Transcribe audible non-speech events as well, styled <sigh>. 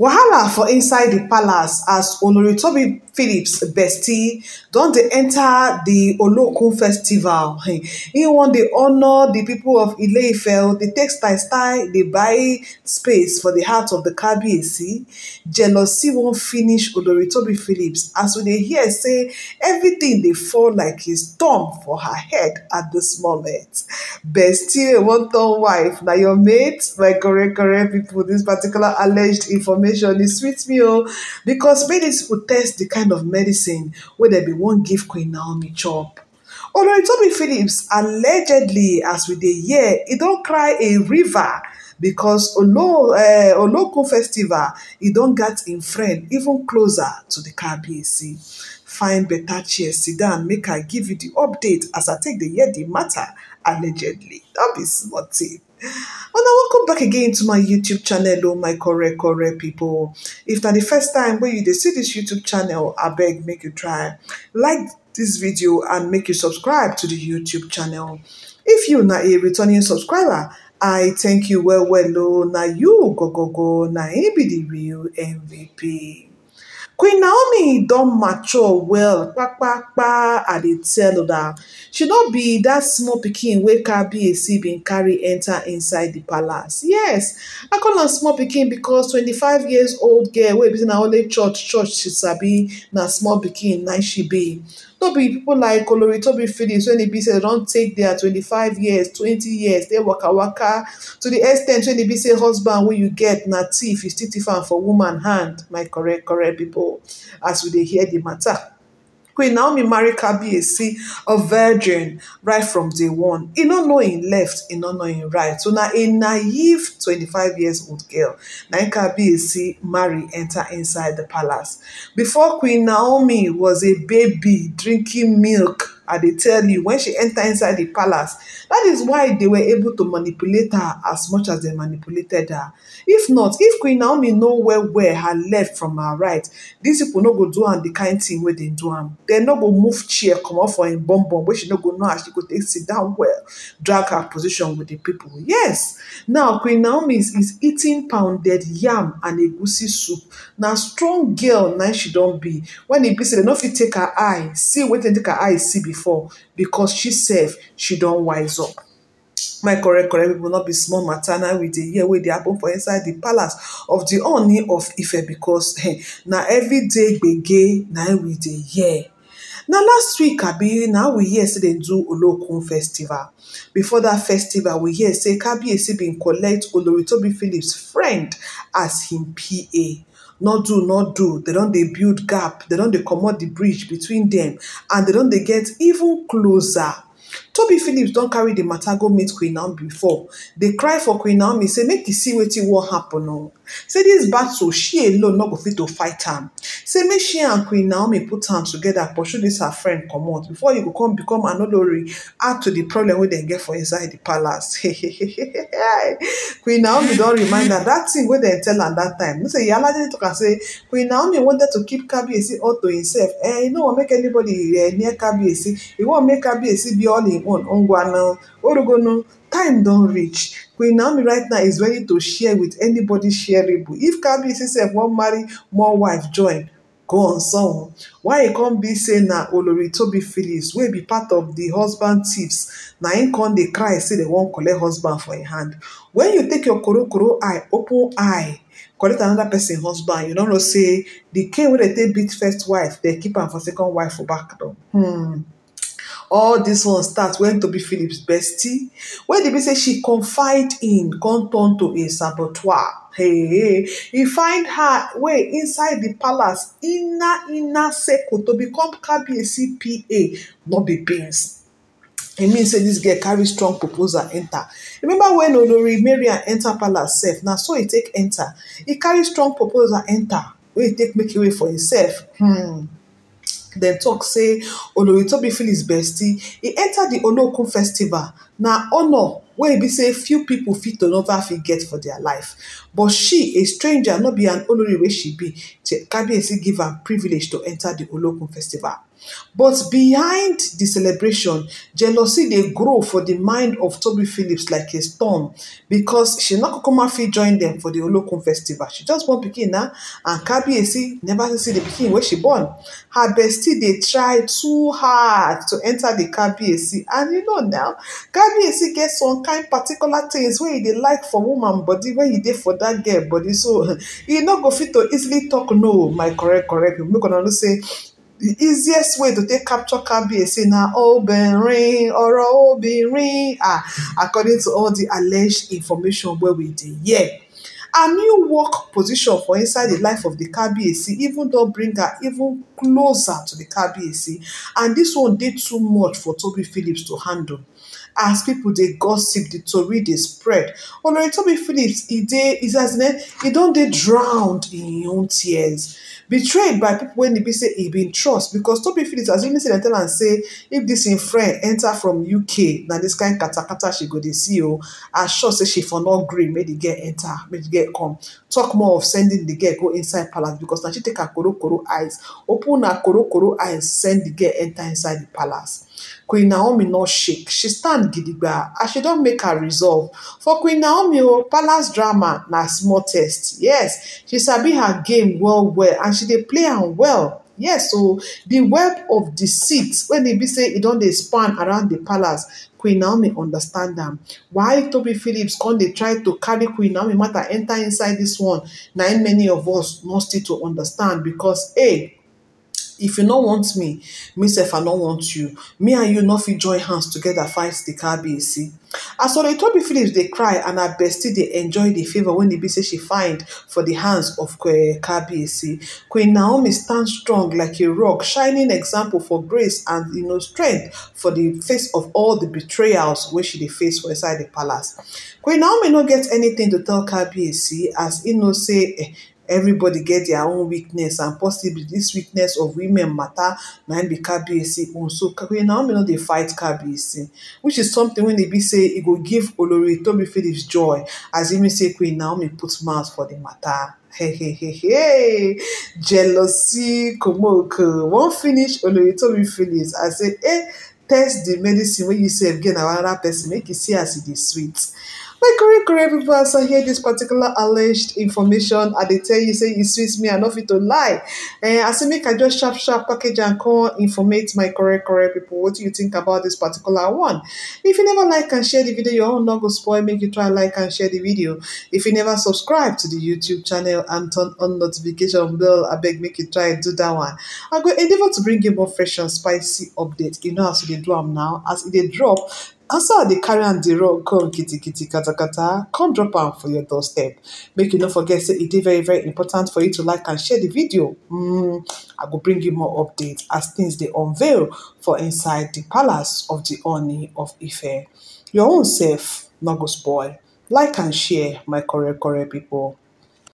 wahala for inside the palace as Toby phillips bestie don't they enter the olokun festival <laughs> He want the honour the people of ileife the textile style style buy space for the heart of di kabiyesi jealousy not finish Toby phillips as we they hear say everything they fall like a storm for her head at this moment bestie one turn wife Now your mate my correct people. This particular alleged information explanation. It sweets me, oh, because ladies would test the kind of medicine where they be one give Queen Naomi chop. Although Oloritobi Phillips allegedly, as we year, he don't cry a river because Olo, uh, eh, local Festival, don't get in friend even closer to the Kabiyesi. Find better chair, sit down, make I give you the update as I take the year the matter allegedly. That is be small una welcome back again to my youtube channel o oh my correct correct people. if na the first time when you dey see this youtube channel I beg make you try like this video and make you subscribe to the youtube channel if you na a returning subscriber i thank you well well o oh. na you go go go na be the real mvp queen naomi don mature well kpakpakpa i did tell her that she don't be that small pikin wey kabiyesi being carry enter inside the palace yes i call her small pikin because twenty-five years old girl wey be say na only church church she be na small pikin Nice she be no be people like oloritobi phillips when e be say don't take dia 25 years 20 years dey waka waka to the extent when e be say husband when you get na thief you still thief for woman hand my correct correct people, as we dey hear the matter. Queen Naomi married Kabiesi, a virgin, right from day one. He not knowing left, he not knowing right. So now a naive 25 years old girl, now Kabiesi marry enter inside the palace. Before Queen Naomi was a baby drinking milk I dey tell you, when she enter inside the palace, that is why they were able to manipulate her as much as they manipulated her. If not, if Queen Naomi know well where her left from her right, these people no go do am the kind thing where they do am. They no go move chair come off for im bum bum Where she no go know how she go take sit down well, drag her position with the people. Yes, now Queen Naomi is, is eating pounded yam and a goosey soup. Now strong girl now she don't be. When he be say dem no fit take her eye see they take her eye see before. before because she sef she don wise up. my correct correct pipo no be small mata na we dey hear wey dey happen for inside di palace of di oni of ife because eh, na evri day gbege na we dey hear. na last week kabi na we hear say dem do olokun festival before dat festival we hear say kabiesi bin collect oloritobi phillips friend as him pa. not do not do they don't. They build gap they don't. They comot the bridge between them and they don't. They get even closer toby phillips don carry the matter go meet queen naomi before dey cry for queen naomi say make e see wetin wan happen o oh. say dis battle she alone no go fit to fight am say make she and queen naomi put am together. pursue dis her friend comot before e go come become anolori add to the problem wey dem get for inside the palace <laughs> queen naomi don remind her dat thing wey dem tell am dat time no say yalaje tok am say queen naomi wanted to keep kabiyesi all to himself eh e no wan make anybody eh, near kabiyesi e wan make kabiyesi be all all-in-one ngwanụ time don't reach queen naomi right now is ready to share with anybody shareable if kabiyesi sef one marry more wife join go on some why e come be say na olori tobi phillips wey be part of the husband thieves Now in come they cry say they wan collect husband for a hand When you take your koro koro eye open eye collect another person husband you don't know say the cane wey they take beat first wife they keep am for second wife for back door. Hmm all this one start wen tobi phillips bestie wey dey be say she confide in come turn to a saboteur hey he find her way inside the palace inner inner circle to become kabiyesi pa no be beans e mean say dis girl carry strong proposal enter remember when olori marian enter palace sef na so e take enter e carry strong proposal enter wey e take make e way for himself hmm dem talk say olori his bestie e enta di olokun festival na honour wey be say few pipo fit to nova fit get for dia life but she a stranger no be an olori wey she be kabiyesi give am privilege to enter di olokun festival But behind the celebration, jealousy they grow for the mind of Toby Phillips like a storm because she no kukuma fit join them for the Olokun festival. She just born pikin na and Kabiyesi never see the pikin where she born. Her bestie they try too hard to enter the Kabiyesi and you know now Kabiyesi gets some kind particular things where e like for woman body where e dey for that girl body so <laughs> e not go fit to easily talk no my correct correct make una know say the easiest way to take capture Kabir is now obìnrin ọ̀rọ̀ ring. ah according to all the alleged information we we with Yeah. a new work position for inside the life of the Kabiyesi even though bring her even closer to the Kabiyesi and this one did too much for Toby Phillips to handle. as people, dey gossip the tori dey spread oloritobi phillips e dey e as e eh, don dey drowned in im own tears betrayed by people wey e be say e bin trust because tobi phillips as you say dem tell am say if dis im friend enta from uk na dis kain katakata she go dey see o oh, as sure say she for no gree make di girl enter make di girl come Talk more of sending di girl go inside palace because na she take her korokoro eyes open her korokoro eyes send di girl enter inside di palace Queen Naomi no shake, she stand gidigba as she don make her resolve. For Queen Naomi o, oh, palace drama na small test. Yes, she sabi her game well well and she dey play am well. yes o oh, di web of deceit wey e be say e don dey span around di palace queen naomi understand am why toby phillips come dey try to carry queen naomi matter enter inside dis one na im many of us no still to understand because a if you no want me me sef i no want you me and you no fit join hands together fight di kbc as oletobi phillips they cry and her bestie they enjoy the favour when the be say she find for the hands of kbc eh, queen naomi stand strong like a rock shining example for grace and you know strength for the face of all the betrayals which she face for inside the palace queen naomi no get anything to tell kbc as you know say eh, everybody get their own weakness and possibly this weakness of women matter na im be kabiyesi own so queen naomi no dey fight KBC, which is something wey dey be say e go give olori tobi phillips joy as e mean say queen naomi put mouth for the matter. Hey, hey, hey, hey. Jealousy, Komoko. One finish, Olori Oloritomi Phillips. I say, hey, eh, test the medicine when you say again another person, make you see as it e is sweet. My correct correct people as i hear this particular alleged information i they tell you say e sweet me i no fit to lie eh, i say make i just sharp sharp package and call informate my correct correct people wetin you think about this particular one if you never like and share the video your own no go spoil make you try like and share the video if you never subscribe to the youtube channel and turn on notification bell I beg make you try do that one i go endeavor to bring you more fresh and spicy update. you know as they dey do am now as they e drop after i dey carry am dey run come kitikiti katakata come drop am for your doorstep make you no forget say e dey very very important for you to like and share the video um i go bring you more updates as things dey unveil for inside the palace of the oni of ife your own sef no go spoil like and share my correct correct people.